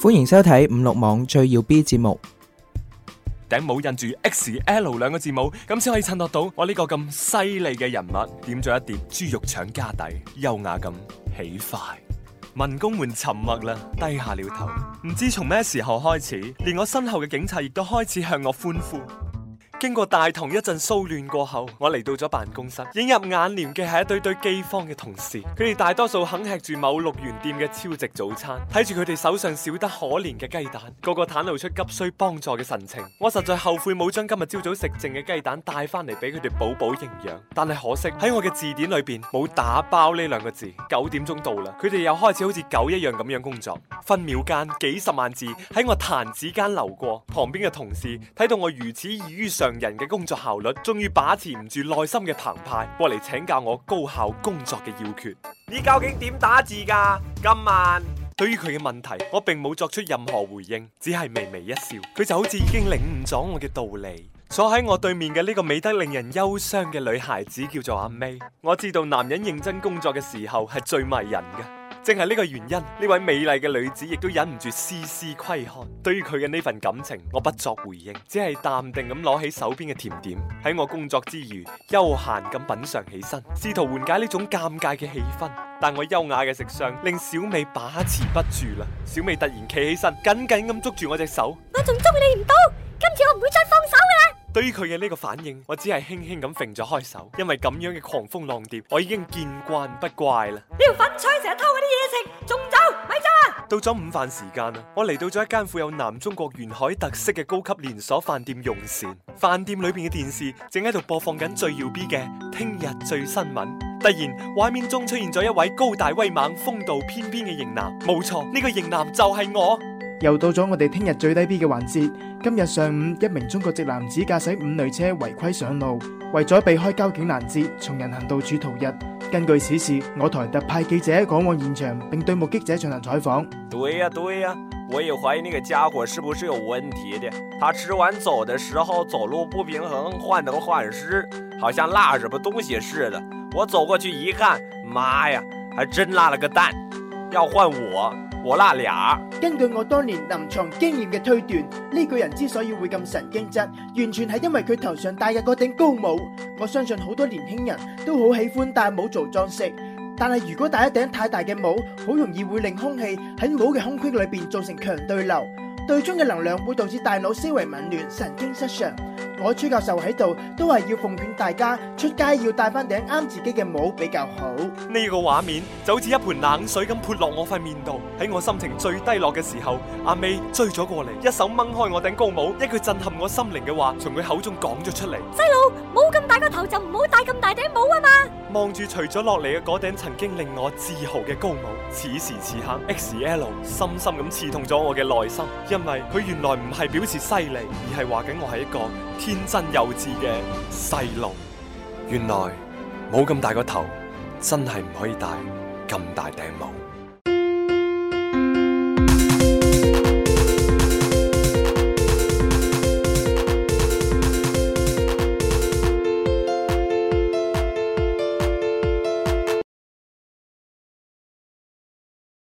歡迎收睇五六網最耀 B 節目，頂帽印住 XL 兩個字母，咁先可以襯托到我呢個咁犀利嘅人物。點咗一碟豬肉腸加底，優雅咁起筷。民工們沉默啦，低下了頭，唔知從咩時候開始，連我身後嘅警察亦都開始向我歡呼。經過大堂一陣騷亂過後，我嚟到咗辦公室，映入眼簾嘅係一堆堆饑荒嘅同事，佢哋大多數肯吃住某六元店嘅超值早餐，睇住佢哋手上少得可憐嘅雞蛋，個個袒露出急需幫助嘅神情。我實在後悔冇將今日朝早食剩嘅雞蛋帶翻嚟俾佢哋補補營養，但係可惜喺我嘅字典裏邊冇打包呢兩個字。九點鐘到啦，佢哋又開始好似狗一樣咁樣工作。分秒間幾十萬字喺我彈指間流過，旁邊嘅同事睇到我如此異於常。人嘅工作效率，終於把持唔住內心嘅澎湃，過嚟請教我高效工作嘅要訣。你究竟點打字㗎？今晚，對於佢嘅問題，我並冇作出任何回應，只係微微一笑。佢就好似已經領悟咗我嘅道理。坐喺我對面嘅呢個美得令人憂傷嘅女孩子，叫做阿 May。我知道男人認真工作嘅時候係最迷人嘅。正係呢個原因，呢位美麗嘅女子亦都忍唔住絲絲窺看。對於佢嘅呢份感情，我不作回應，只係淡定咁攞起手邊嘅甜點，喺我工作之餘悠閒咁品嘗起身，試圖緩解呢種尷尬嘅氣氛。但我優雅嘅食相令小美把持不住啦！小美突然企起身，緊緊咁捉住我隻手，我仲捉你唔到，今次我唔會再放手噶啦！對於佢嘅呢個反應，我只係輕輕咁揈咗開手，因為咁樣嘅狂風浪蝶，我已經見慣不怪啦。呢條粉吹成日偷我啲嘢食，仲走咪走？走啊。到咗午飯時間啦，我嚟到咗一間富有南中國沿海特色嘅高級連鎖飯店用膳。飯店裏面嘅電視正喺度播放緊最耀 B 嘅聽日最新聞。突然，畫面中出現咗一位高大威猛、風度翩翩嘅型男。冇錯，呢、呢個型男就係我。又到咗我哋聽日最低 B 嘅環節。今日上午，一名中國籍男子駕駛五類車違規上路，為咗避開交警攔截，從人行道處逃逸。根據此事，我台特派記者趕往現場，並對目擊者進行採訪、啊。對呀對呀，我也懷疑呢個家伙是不是有問題的。他吃完走的時候走路不平衡，患得患失，好像拉什麼東西似的。我走過去一看，媽呀，還真拉了個蛋。要換我。我啦啦！根據我多年臨床經驗嘅推斷，呢、這個人之所以會咁神經質，完全係因為佢頭上戴嘅嗰頂高帽。我相信好多年輕人都好喜歡戴帽做裝飾，但係如果戴一頂太大嘅帽，好容易會令空氣喺帽嘅空隙裏邊造成強對流。最終嘅能量會導致大腦思維紊亂、神經失常。我朱教授喺度都係要奉勸大家，出街要戴翻頂啱自己嘅帽比較好。呢個畫面就好似一盆冷水咁潑落我塊面度，喺我心情最低落嘅時候，阿 May 追咗過嚟，一手掹開我頂高帽，一句震撼我心靈嘅話從佢口中講咗出嚟：細路，冇咁大個頭就唔好戴咁大頂帽啊嘛！望住除咗落嚟嘅頂曾經令我自豪嘅高帽，此時此刻 XL 深深咁刺痛咗我嘅內心，因為佢原來唔係表示犀利，而係話緊我係一個天真幼稚嘅細路。原來冇咁大個頭，真係唔可以戴咁大頂帽。